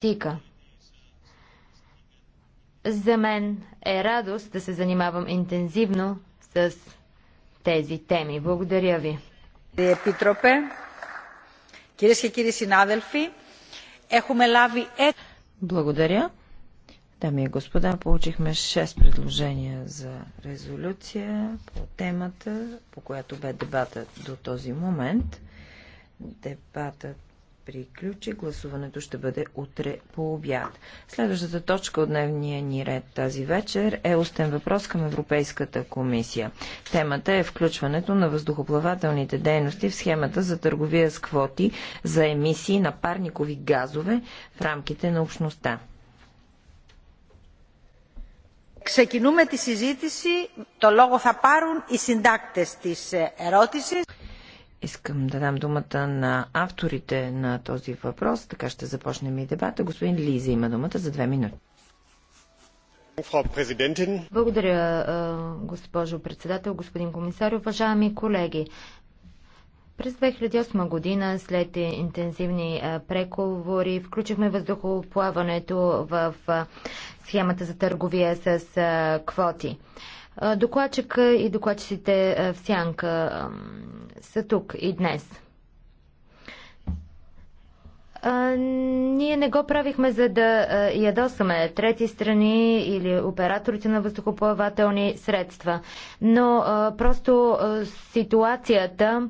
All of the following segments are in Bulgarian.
тика. За мен е радост да се занимавам интензивно с тези теми. Благодаря ви. Επίτροπε, κυρίες και κύριοι ехуме лави е... Благодаря. Дами и господа, получихме 6 предложения за резолюция по темата, по която бе дебатът до този момент. Дебатът приключи. Гласуването ще бъде утре по обяд. Следващата точка от дневния ни ред тази вечер е устен въпрос към Европейската комисия. Темата е включването на въздухоплавателните дейности в схемата за търговия с квоти за емисии на парникови газове в рамките на общността. Ξεκινούμε τη συζήτηση. Το λόγο θα πάρουν οι συντάκτες της ερώτησης. Искам да дам думата на авторите на този въпрос, така ще започнем и дебата. Господин Лиза има думата за две минути. Благодаря, госпожо председател, господин комисар, уважаеми колеги. През 2008 година, след интензивни преговори, включихме въздухоплаването в схемата за търговия с квоти. Докладчика и докладчиците в Сянка са тук и днес. Ние не го правихме за да ядосаме трети страни или операторите на въздухоплавателни средства, но просто ситуацията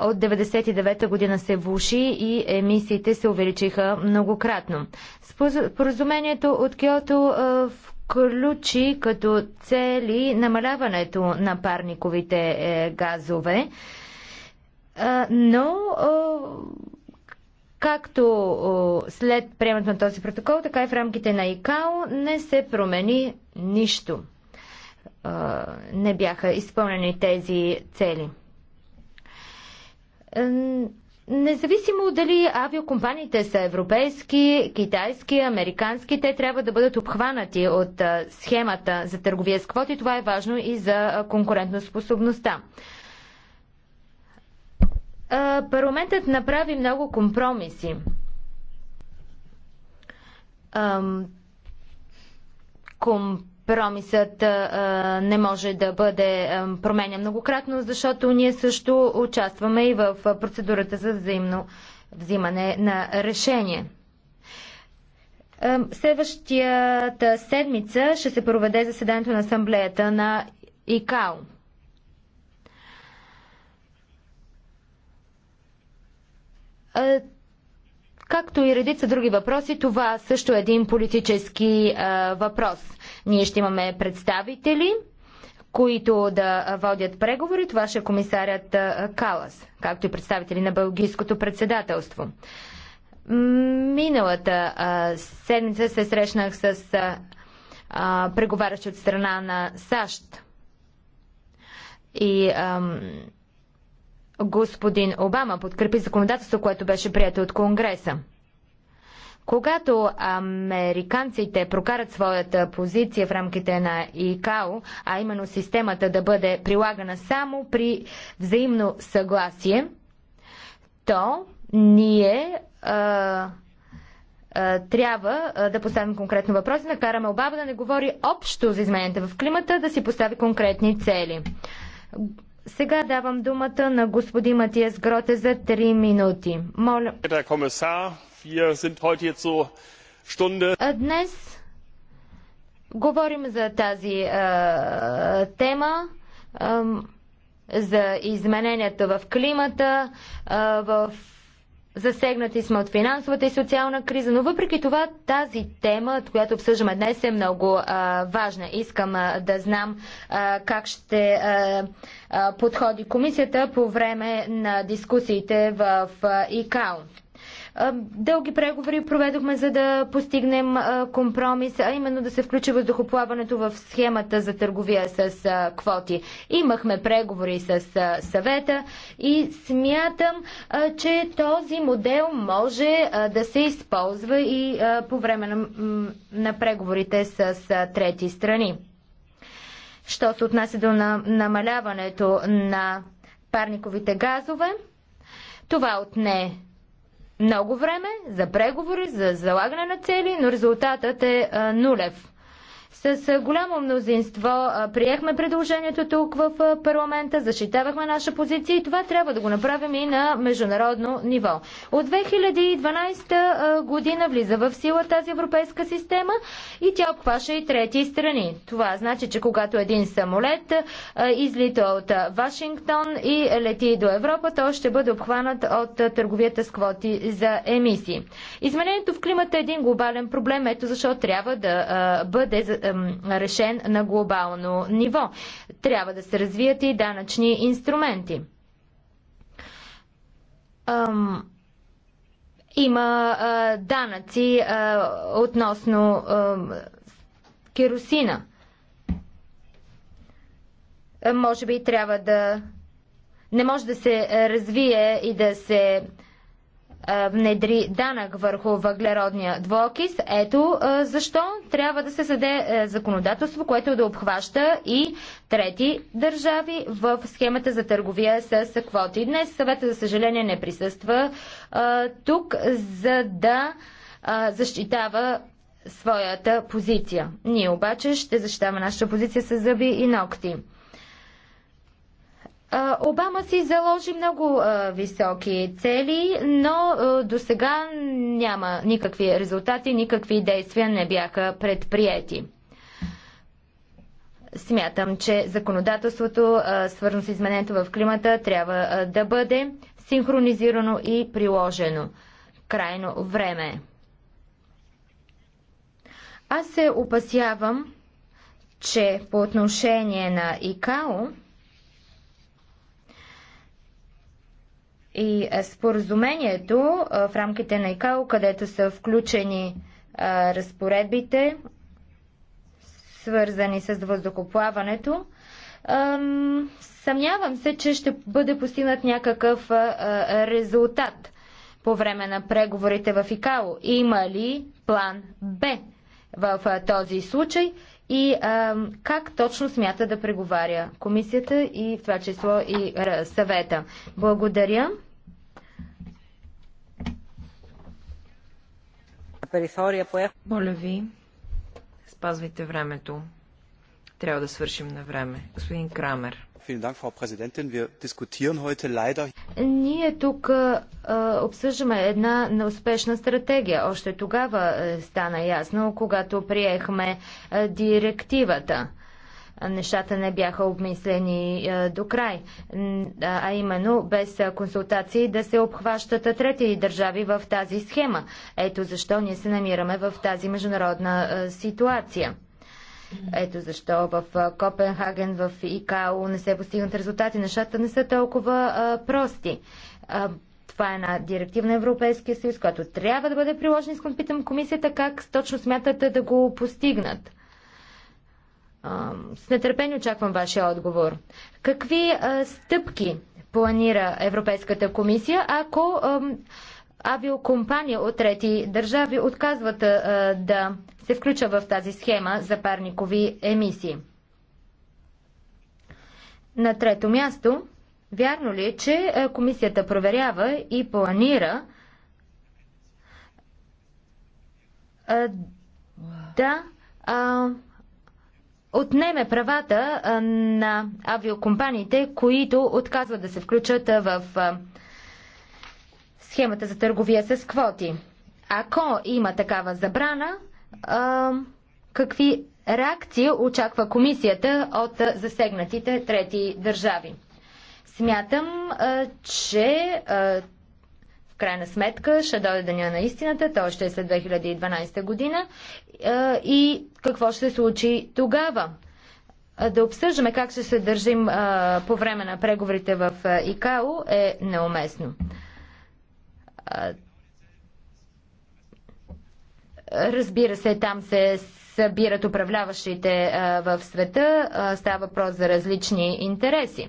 от 99-та година се влуши и емисиите се увеличиха многократно. Споразумението от Киото в включи като цели намаляването на парниковите е, газове, но както след приемането на този протокол, така и в рамките на ИКАО не се промени нищо. Не бяха изпълнени тези цели. Независимо дали авиокомпаниите са европейски, китайски, американски, те трябва да бъдат обхванати от схемата за търговия с квоти. Това е важно и за конкурентоспособността. Парламентът направи много компромиси. Компромиси Промисът а, не може да бъде а, променя многократно, защото ние също участваме и в процедурата за взаимно взимане на решение. А, следващията седмица ще се проведе заседанието на асамблеята на ИКАО. А, както и редица други въпроси, това също е един политически а, въпрос. Ние ще имаме представители, които да водят преговори. Това ще е комисарят Калас, както и представители на Бългийското председателство. Миналата седмица се срещнах с преговарящи от страна на САЩ. И господин Обама подкрепи законодателство, което беше прието от Конгреса. Когато американците прокарат своята позиция в рамките на ИКАО, а именно системата да бъде прилагана само при взаимно съгласие, то ние а, а, трябва да поставим конкретно въпроси, накараме Обаба да не говори общо за измененията в климата, да си постави конкретни цели. Сега давам думата на господин Матиас Гроте за 3 минути. Моля. Днес говорим за тази а, тема, а, за измененията в климата, а, в Засегнати сме от финансовата и социална криза, но въпреки това тази тема, от която обсъждаме днес, е много а, важна. Искам а, да знам а, как ще а, а, подходи комисията по време на дискусиите в а, ИКАО. Е, дълги преговори проведохме, за да постигнем е, компромис, а именно да се включи въздухоплаването в схемата за търговия с е, квоти. Имахме преговори с съвета и смятам, че този модел може да се използва и по време на, на преговорите с трети страни. Що се отнася до намаляването на парниковите газове, това отне много време за преговори, за залагане на цели, но резултатът е а, нулев. С голямо мнозинство приехме предложението тук в парламента, защитавахме наша позиция и това трябва да го направим и на международно ниво. От 2012 година влиза в сила тази европейска система и тя обхваща и трети страни. Това значи, че когато един самолет излита от Вашингтон и лети до Европа, той ще бъде обхванат от търговията с квоти за емисии. Изменението в климата е един глобален проблем, ето защо трябва да бъде решен на глобално ниво. Трябва да се развият и данъчни инструменти. Има данъци относно керосина. Може би трябва да. Не може да се е, развие и да се е, внедри данък върху въглеродния двокис, Ето е, защо трябва да се съде е, законодателство, което да обхваща и трети държави в схемата за търговия с квоти. Днес съвета, за съжаление, не присъства тук, за да защитава своята позиция. Ние обаче ще защитаваме нашата позиция с зъби и ногти. Обама си заложи много а, високи цели, но а, до сега няма никакви резултати, никакви действия не бяха предприяти. Смятам, че законодателството, свързано с изменението в климата, трябва да бъде синхронизирано и приложено. Крайно време. Аз се опасявам, че по отношение на ИКАО, И е, споразумението е, в рамките на ИКАО, където са включени е, разпоредбите, свързани с въздухоплаването, съмнявам се, че ще бъде постигнат някакъв резултат по време на преговорите в ИКАО. Има ли план Б в този случай и как точно смята да преговаря комисията и в това число и съвета? Благодаря. Моля ви, спазвайте времето. Трябва да свършим на време. Господин Крамер. Ние тук а, обсъждаме една неуспешна стратегия. Още тогава а, стана ясно, когато приехме а, директивата нещата не бяха обмислени е, до край, а именно без консултации да се обхващат трети държави в тази схема. Ето защо ние се намираме в тази международна е, ситуация. Ето защо в е, Копенхаген, в ИКАО не се постигнат резултати. Нещата не са толкова прости. това е една директива на Европейския съюз, която трябва да бъде приложена. Искам питам комисията как точно смятате да го постигнат. С нетърпение очаквам вашия отговор. Какви стъпки планира Европейската комисия, ако авиокомпания от трети държави отказват да се включа в тази схема за парникови емисии? На трето място, вярно ли е, че комисията проверява и планира да отнеме правата на авиокомпаниите, които отказват да се включат в схемата за търговия с квоти. Ако има такава забрана, какви реакции очаква комисията от засегнатите трети държави? Смятам, че крайна сметка ще дойде деня на истината, той ще е след 2012 година и какво ще се случи тогава. Да обсъждаме как ще се държим по време на преговорите в ИКАО е неуместно. Разбира се, там се събират управляващите в света. Става въпрос за различни интереси.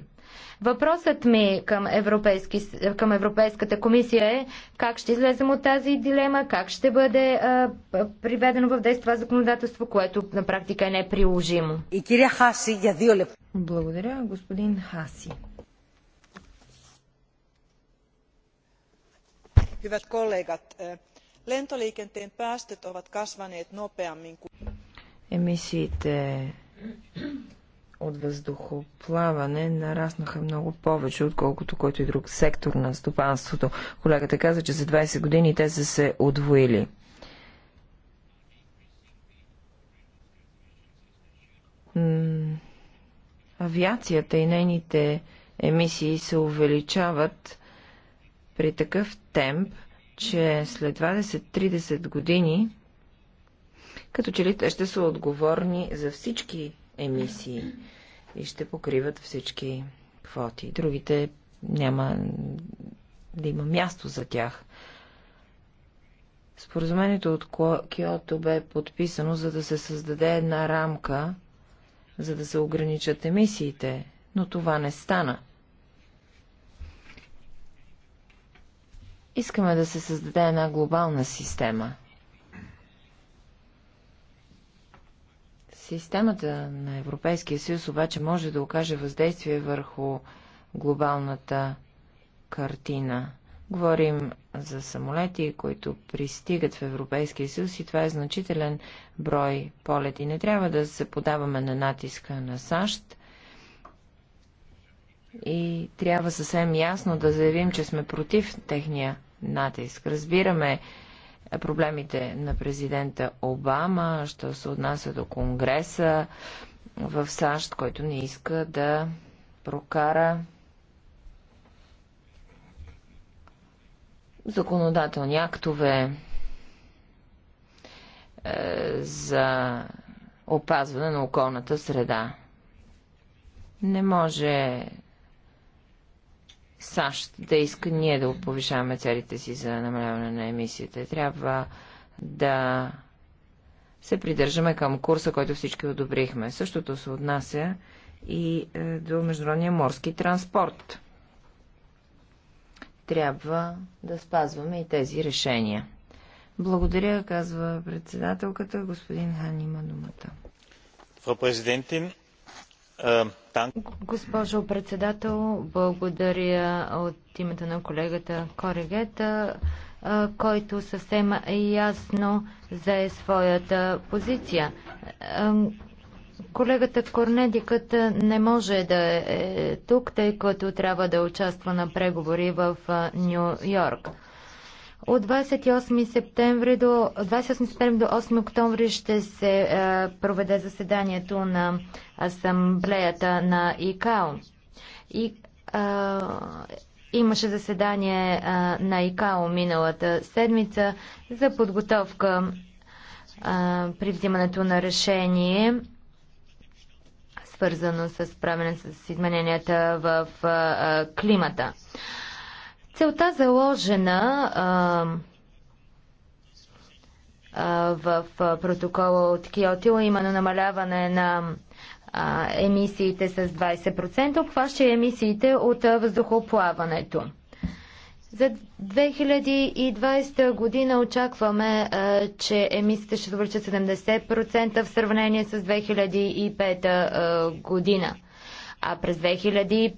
Въпросът ми към, европейски, към Европейската комисия е как ще излезем от тази дилема, как ще бъде а, приведено в действие това законодателство, което на практика е неприложимо. И киря Хаси, я диолеп. Благодаря, господин Хаси. Hyvät kollegat, е, lentoliikenteen päästöt ovat kasvaneet nopeammin kuin... Емисиите от въздухоплаване нараснаха много повече, отколкото който и друг сектор на стопанството. Колегата каза, че за 20 години те са се отвоили. авиацията и нейните емисии се увеличават при такъв темп, че след 20-30 години, като че ли те ще са отговорни за всички емисии и ще покриват всички квоти. Другите няма да има място за тях. Споразумението от Киото бе подписано, за да се създаде една рамка, за да се ограничат емисиите, но това не стана. Искаме да се създаде една глобална система – Системата на Европейския съюз обаче може да окаже въздействие върху глобалната картина. Говорим за самолети, които пристигат в Европейския съюз и това е значителен брой полети. Не трябва да се подаваме на натиска на САЩ и трябва съвсем ясно да заявим, че сме против техния натиск. Разбираме, проблемите на президента Обама, що се отнася до Конгреса в САЩ, който не иска да прокара законодателни актове е, за опазване на околната среда. Не може САЩ да иска ние да повишаваме целите си за намаляване на емисиите. Трябва да се придържаме към курса, който всички одобрихме. Същото се отнася и е, до международния морски транспорт. Трябва да спазваме и тези решения. Благодаря, казва председателката. Господин Хан има думата. Президентин, Госпожо председател, благодаря от името на колегата Коригета, който съвсем ясно зае своята позиция. Колегата Корнедикът не може да е, е тук, тъй като трябва да участва на преговори в Нью Йорк. От 28 септември до, 28 септември до 8 октомври ще се е, проведе заседанието на асамблеята на ИКАО. И, е, имаше заседание е, на ИКАО миналата седмица за подготовка е, при взимането на решение свързано с правене с измененията в е, климата. Е, Целта заложена а, а, в протокола от Киотила, именно намаляване на а, емисиите с 20%, обхваща и емисиите от въздухоплаването. За 2020 година очакваме, че емисиите ще завършат 70% в сравнение с 2005 година. А през 2005.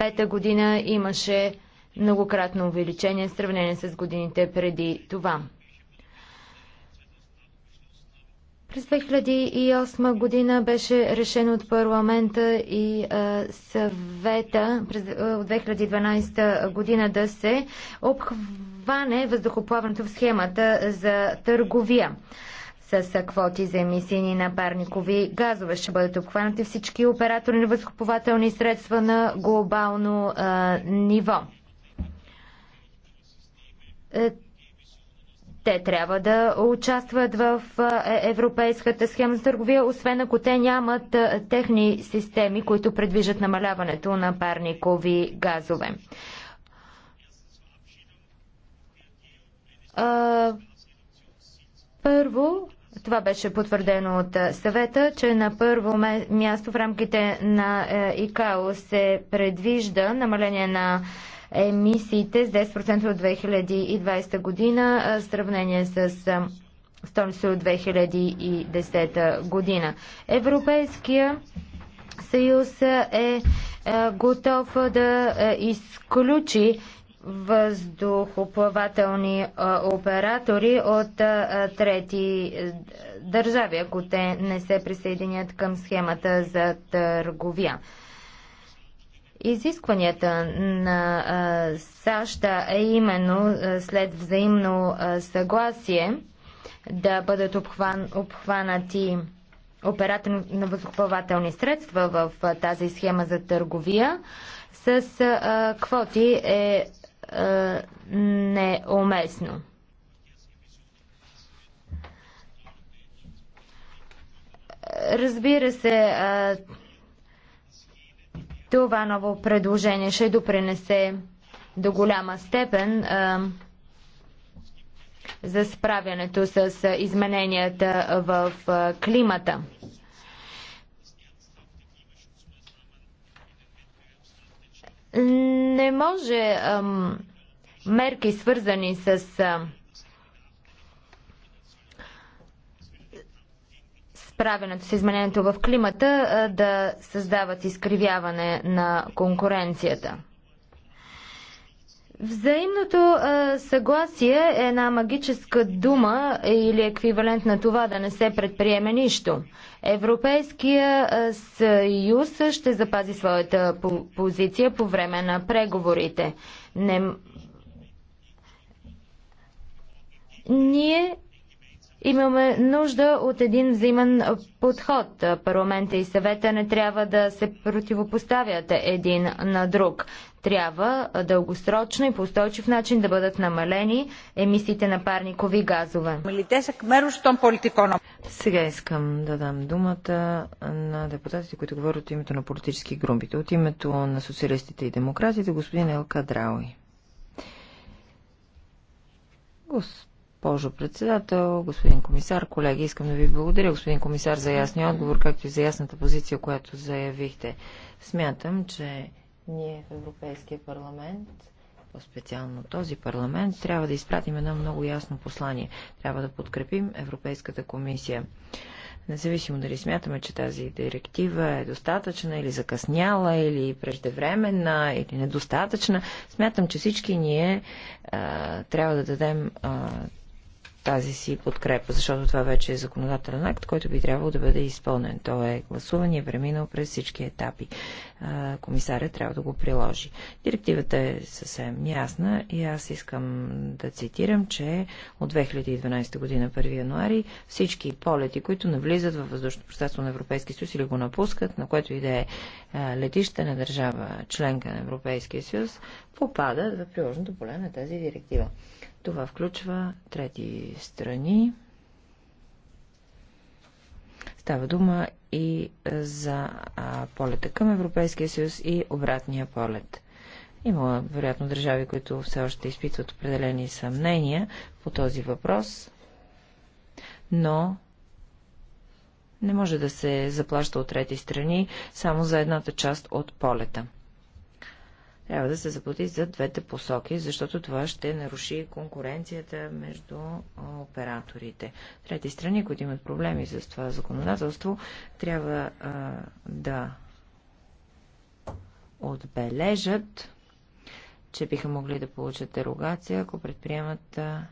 2005 година имаше многократно увеличение в сравнение с годините преди това. През 2008 година беше решено от парламента и а, съвета през, а, от 2012 година да се обхване въздухоплаването в схемата за търговия с квоти за емисии на парникови газове. Ще бъдат обхванати всички оператори на възкупователни средства на глобално а, ниво. Е, те трябва да участват в е, европейската схема за търговия, освен ако те нямат техни системи, които предвижат намаляването на парникови газове. А, първо, това беше потвърдено от съвета, че на първо място в рамките на е, ИКАО се предвижда намаление на емисиите с 10% от 2020 година в сравнение с столица от 2010 година. Европейския съюз е, е готов да е, изключи въздухоплавателни оператори от трети е, държави, ако те не се присъединят към схемата за търговия. Изискванията на САЩ е именно след взаимно съгласие да бъдат обхван, обхванати оператори на въздухоплавателни средства в тази схема за търговия с квоти е е, неуместно. Разбира се, е, това ново предложение ще допринесе до голяма степен е, за справянето с измененията в климата. Не може ам, мерки свързани с ам, справенето с изменението в климата да създават изкривяване на конкуренцията. Взаимното а, съгласие е една магическа дума или еквивалент на това да не се предприеме нищо. Европейския съюз ще запази своята позиция по време на преговорите. Не... Ние Имаме нужда от един взаимен подход. Парламента и съвета не трябва да се противопоставят един на друг. Трябва дългосрочно и по устойчив начин да бъдат намалени емисиите на парникови газове. Сега искам да дам думата на депутатите, които говорят от името на политически грумбите. От името на социалистите и демократите, господин Елка Драуи. Господин госпожо председател, господин комисар, колеги. Искам да ви благодаря, господин комисар, за ясния отговор, както и за ясната позиция, която заявихте. Смятам, че ние в Европейския парламент по-специално този парламент, трябва да изпратим едно много ясно послание. Трябва да подкрепим Европейската комисия. Независимо дали смятаме, че тази директива е достатъчна или закъсняла, или преждевременна, или недостатъчна, смятам, че всички ние а, трябва да дадем а, тази си подкрепа, защото това вече е законодателен акт, който би трябвало да бъде изпълнен. То е гласуван и е преминал през всички етапи. Комисарят трябва да го приложи. Директивата е съвсем ясна и аз искам да цитирам, че от 2012 година 1 януари всички полети, които навлизат във въздушното пространство на Европейския съюз или го напускат, на което и да е летище на държава членка на Европейския съюз, попадат в приложното поле на тази директива. Това включва трети страни. Става дума и за полета към Европейския съюз и обратния полет. Има, вероятно, държави, които все още изпитват определени съмнения по този въпрос, но не може да се заплаща от трети страни само за едната част от полета трябва да се заплати за двете посоки, защото това ще наруши конкуренцията между операторите. Трети страни, които имат проблеми с това законодателство, трябва а, да отбележат, че биха могли да получат дерогация, ако предприемат а,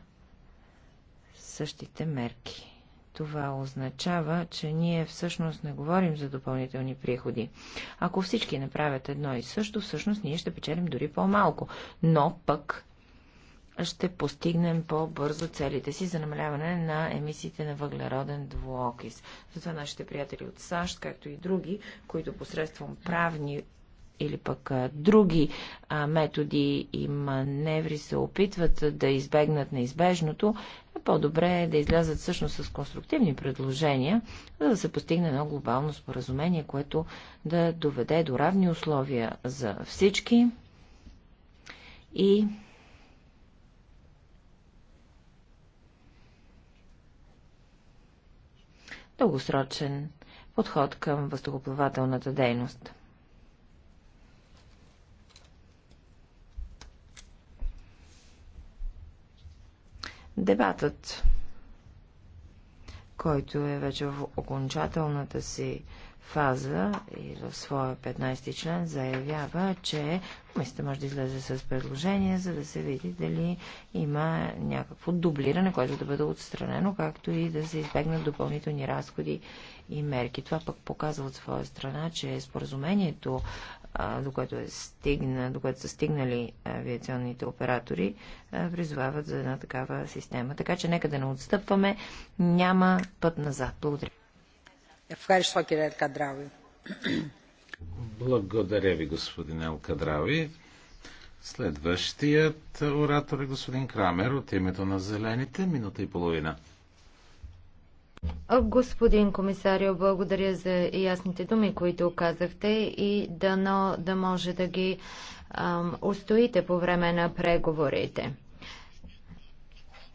същите мерки. Това означава, че ние всъщност не говорим за допълнителни приходи. Ако всички направят едно и също, всъщност ние ще печелим дори по-малко, но пък ще постигнем по-бързо целите си за намаляване на емисиите на въглероден двуокис. Затова нашите приятели от САЩ, както и други, които посредством правни или пък други методи и маневри се опитват да избегнат неизбежното, по-добре е да излязат всъщност с конструктивни предложения, за да се постигне едно глобално споразумение, което да доведе до равни условия за всички и дългосрочен подход към въздухоплавателната дейност. Дебатът, който е вече в окончателната си фаза и в своя 15 ти член заявява, че комисията може да излезе с предложение, за да се види дали има някакво дублиране, което да бъде отстранено, както и да се избегнат допълнителни разходи и мерки. Това пък показва от своя страна, че споразумението до което, е стигна, до което са стигнали авиационните оператори, призовават за една такава система. Така че нека да не отстъпваме. Няма път назад. Благодаря. Благодаря ви, господин Елкадрави. Следващият оратор е господин Крамер от името на Зелените. Минута и половина. Господин комисарио, благодаря за ясните думи, които казахте и дано да може да ги ам, устоите по време на преговорите.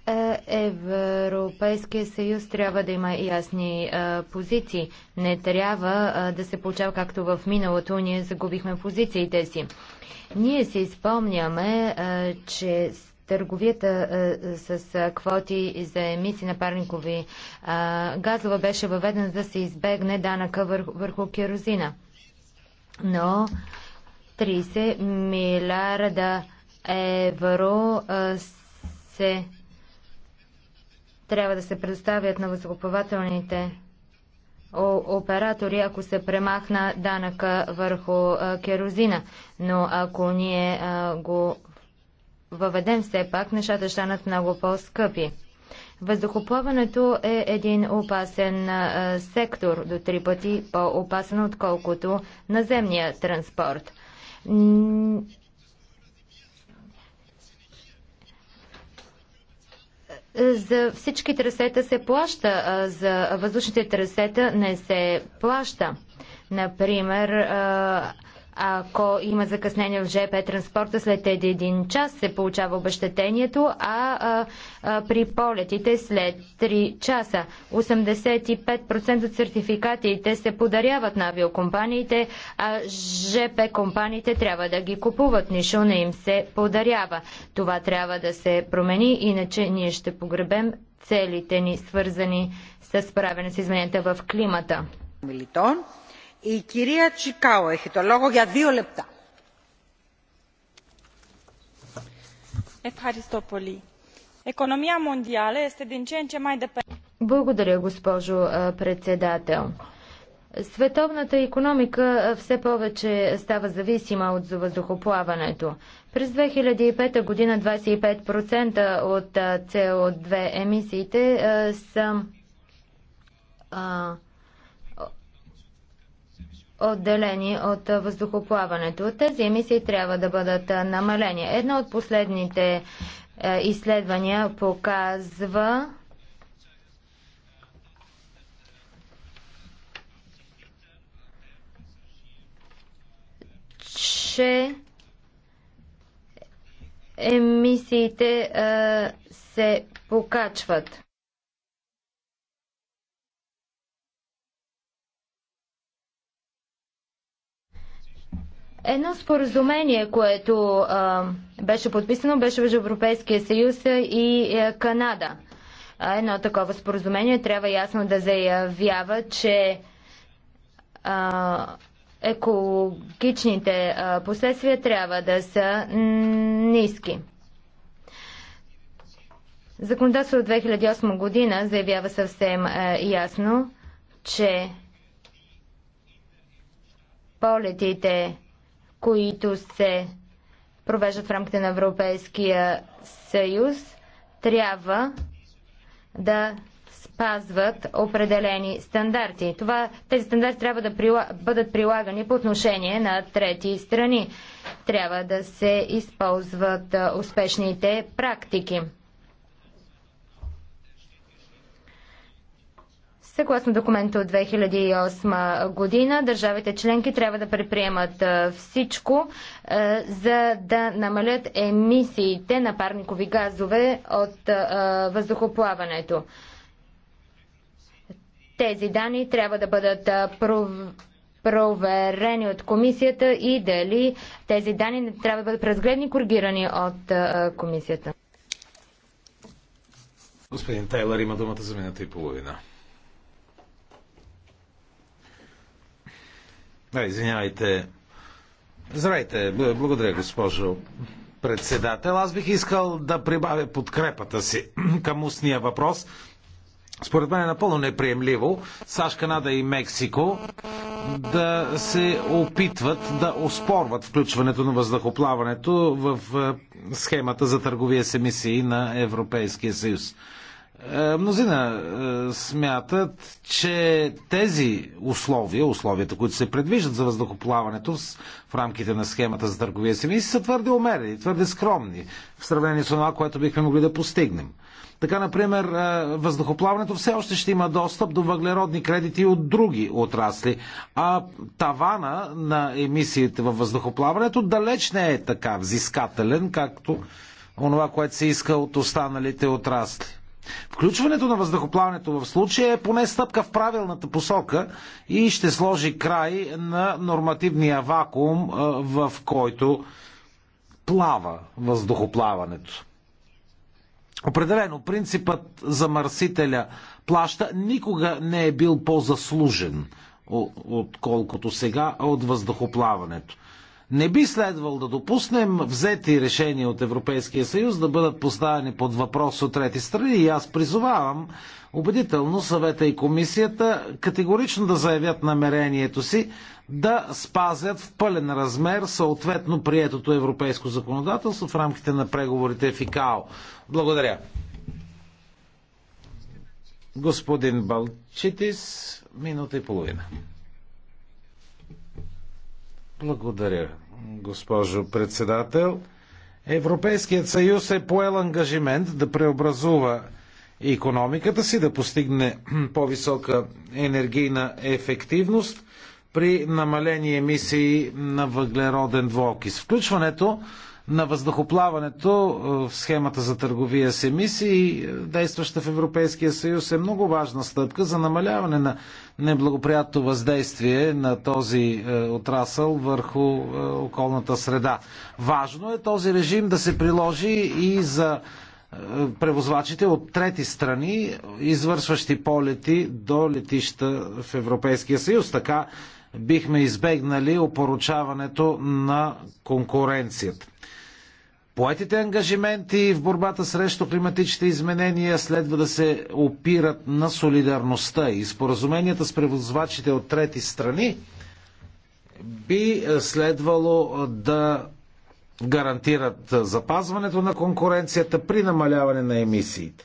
Е, Европейския съюз трябва да има ясни а, позиции. Не трябва а, да се получава както в миналото, ние загубихме позициите си. Ние си изпомняме, а, че Търговията е, с е, квоти за емисии на парникови е, газове беше въведена за да се избегне данъка върху, върху керозина. Но 30 милиарда евро се трябва да се предоставят на възкупователните оператори, ако се премахна данъка върху керозина. Но ако ние го въведем все пак, нещата станат много по-скъпи. Въздухоплаването е един опасен а, сектор, до три пъти по-опасен, отколкото наземния транспорт. За всички трасета се плаща, а за въздушните трасета не се плаща. Например, а, ако има закъснение в ЖП транспорта, след един час се получава обещетението, а, а, а при полетите след 3 часа. 85% от сертификатите се подаряват на авиокомпаниите, а ЖП компаниите трябва да ги купуват. Нищо не им се подарява. Това трябва да се промени, иначе ние ще погребем целите ни, свързани с правене с измененията в климата. Милитон. Благодаря, госпожо председател. Световната економика все повече става зависима от въздухоплаването. През 2005 година 25% от CO2 емисиите са отделени от въздухоплаването. Тези емисии трябва да бъдат намалени. Едно от последните е, изследвания показва, че емисиите се покачват. Едно споразумение, което а, беше подписано, беше между Европейския съюз и е, а, Канада. Едно такова споразумение трябва ясно да заявява, че а, екологичните а, последствия трябва да са ниски. Законодателство от 2008 година заявява съвсем а, е, ясно, че полетите които се провеждат в рамките на Европейския съюз, трябва да спазват определени стандарти. Това, тези стандарти трябва да прила, бъдат прилагани по отношение на трети страни. Трябва да се използват успешните практики. Съгласно документа от 2008 година, държавите членки трябва да предприемат всичко, за да намалят емисиите на парникови газове от въздухоплаването. Тези данни трябва да бъдат проверени от комисията и дали тези данни трябва да бъдат презгледни и коригирани от комисията. Господин Тайлър има думата за минута и половина. А, извинявайте. Здравейте, благодаря, госпожо председател. Аз бих искал да прибавя подкрепата си към устния въпрос. Според мен е напълно неприемливо САЩ, Канада и Мексико да се опитват да оспорват включването на въздухоплаването в схемата за търговия с емисии на Европейския съюз. Е, мнозина е, смятат, че тези условия, условията, които се предвиждат за въздухоплаването в рамките на схемата за търговия с емисии, са твърде умерени, твърде скромни в сравнение с това, което бихме могли да постигнем. Така, например, е, въздухоплаването все още ще има достъп до въглеродни кредити от други отрасли, а тавана на емисиите във въздухоплаването далеч не е така взискателен, както онова, което се иска от останалите отрасли. Включването на въздухоплаването в случая е поне стъпка в правилната посока и ще сложи край на нормативния вакуум, в който плава въздухоплаването. Определено, принципът за мърсителя плаща никога не е бил по-заслужен, отколкото сега от въздухоплаването. Не би следвал да допуснем взети решения от Европейския съюз да бъдат поставени под въпрос от трети страни и аз призовавам убедително съвета и комисията категорично да заявят намерението си да спазят в пълен размер съответно приетото европейско законодателство в рамките на преговорите в ИКАО. Благодаря. Господин Балчитис, минута и половина. Благодаря, госпожо председател. Европейският съюз е поел ангажимент да преобразува економиката си, да постигне по-висока енергийна ефективност при намалени емисии на въглероден двуокис. Включването на въздухоплаването е, в схемата за търговия с емисии, е, действаща в Европейския съюз, е много важна стъпка за намаляване на неблагоприятното въздействие на този е, отрасъл върху околната среда. Важно е този режим да се приложи и за превозвачите от трети страни, извършващи полети до летища в Европейския съюз. Така бихме избегнали опоручаването на конкуренцията. Поетите ангажименти в борбата срещу климатичните изменения следва да се опират на солидарността и споразуменията с превозвачите от трети страни би е, следвало е, да гарантират е, запазването на конкуренцията при намаляване на емисиите.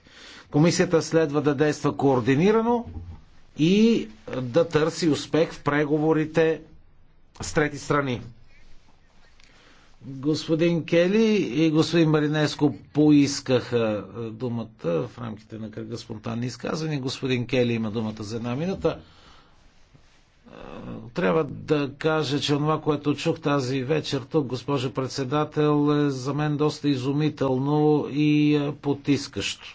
Комисията следва да действа координирано и да търси успех в преговорите с трети страни. Господин Кели и господин Маринеско поискаха е, думата в рамките на кръга спонтанни изказвания. Господин Кели има думата за една минута. Е, трябва да кажа, че това, което чух тази вечер тук, госпожа председател, е за мен доста изумително и е, потискащо.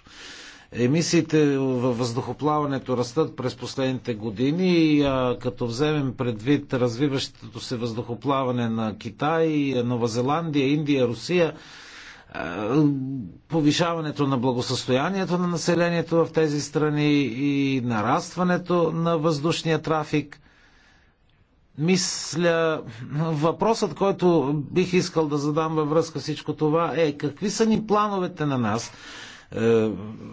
Емисиите във въздухоплаването растат през последните години и като вземем предвид развиващото се въздухоплаване на Китай, Нова Зеландия, Индия, Русия, повишаването на благосъстоянието на населението в тези страни и нарастването на въздушния трафик. Мисля, въпросът, който бих искал да задам във връзка с всичко това е какви са ни плановете на нас е,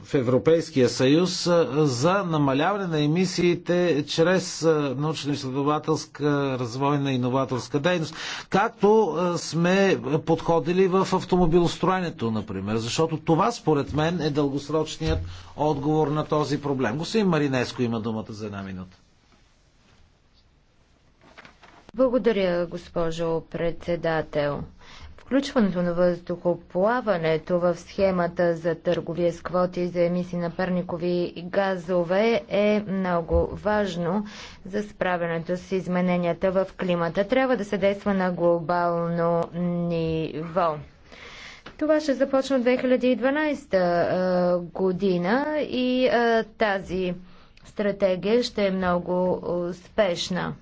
в Европейския съюз е, за намаляване на емисиите чрез е, научно-изследователска, развойна и иноваторска дейност, както сме подходили в автомобилостроенето, например, защото това според мен е дългосрочният отговор на този проблем. Господин Маринеско има думата за една минута. Благодаря, госпожо председател. Включването на въздухоплаването в схемата за търговия с квоти за емисии на парникови газове е много важно за справянето с измененията в климата. Трябва да се действа на глобално ниво. Това ще започне от 2012 година и тази стратегия ще е много успешна.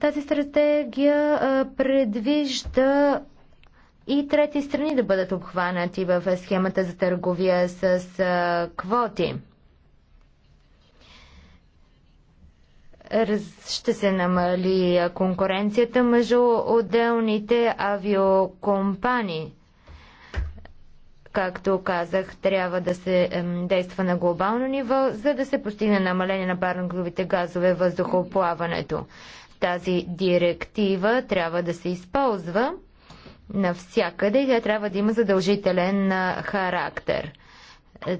Тази стратегия предвижда и трети страни да бъдат обхванати в схемата за търговия с квоти. ще се намали конкуренцията между отделните авиокомпании. Както казах, трябва да се действа на глобално ниво, за да се постигне намаление на парниковите газове въздухоплаването. Тази директива трябва да се използва навсякъде и тя трябва да има задължителен характер. Е,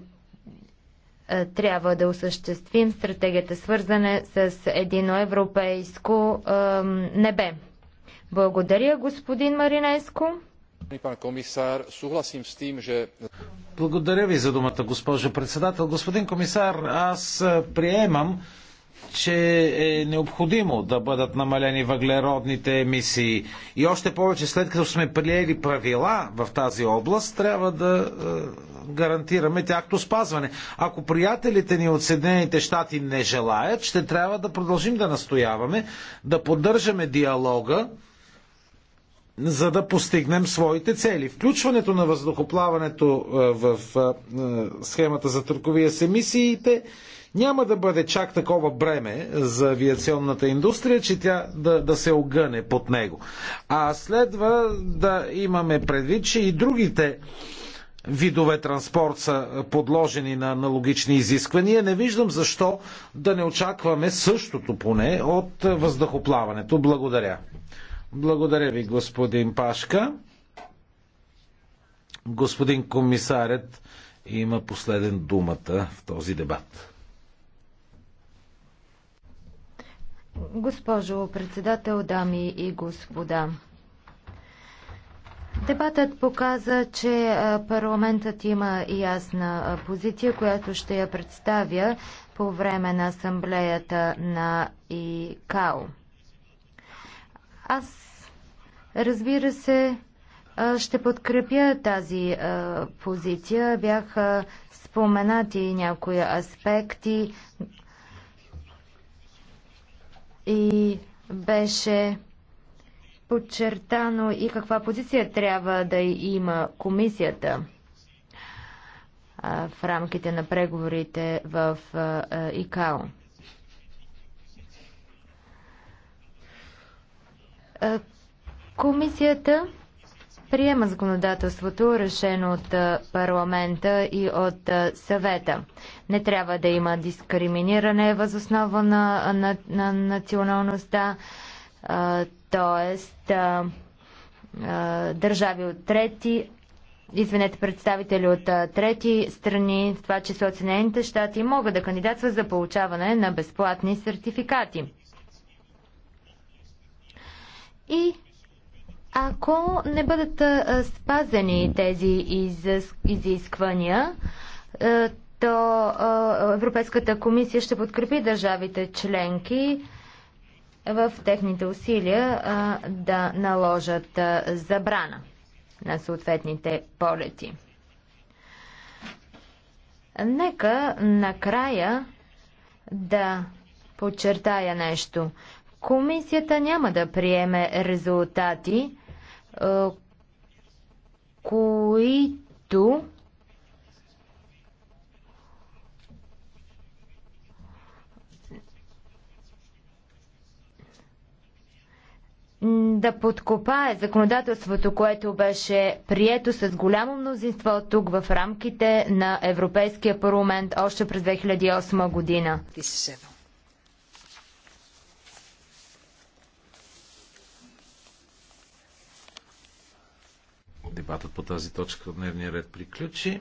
е, трябва да осъществим стратегията свързане с едно европейско е, небе. Благодаря, господин Маринеско. Благодаря ви за думата, госпожо председател. Господин комисар, аз приемам че е необходимо да бъдат намалени въглеродните емисии. И още повече, след като сме приели правила в тази област, трябва да е, гарантираме тяхто спазване. Ако приятелите ни от Съединените щати не желаят, ще трябва да продължим да настояваме, да поддържаме диалога, за да постигнем своите цели. Включването на въздухоплаването е, в е, схемата за търговия с емисиите няма да бъде чак такова бреме за авиационната индустрия, че тя да, да се огъне под него. А следва да имаме предвид, че и другите видове транспорт са подложени на аналогични изисквания. Не виждам защо да не очакваме същото поне от въздухоплаването. Благодаря. Благодаря ви, господин Пашка. Господин комисарят има последен думата в този дебат. Госпожо председател, дами и господа. Дебатът показа, че парламентът има ясна позиция, която ще я представя по време на асамблеята на ИКАО. Аз, разбира се, ще подкрепя тази позиция. Бяха споменати някои аспекти, и беше подчертано и каква позиция трябва да има комисията в рамките на преговорите в ИКАО. Комисията приема законодателството, решено от парламента и от съвета. Не трябва да има дискриминиране възоснова на, на, на националността, т.е. държави от трети извинете, представители от трети страни, в това число Съединените щати, могат да кандидатстват за получаване на безплатни сертификати. И ако не бъдат спазени тези изисквания, то Европейската комисия ще подкрепи държавите членки в техните усилия да наложат забрана на съответните полети. Нека накрая да подчертая нещо. Комисията няма да приеме резултати, които да подкопае законодателството, което беше прието с голямо мнозинство тук в рамките на Европейския парламент още през 2008 година. Дебатът по тази точка от дневния ред приключи.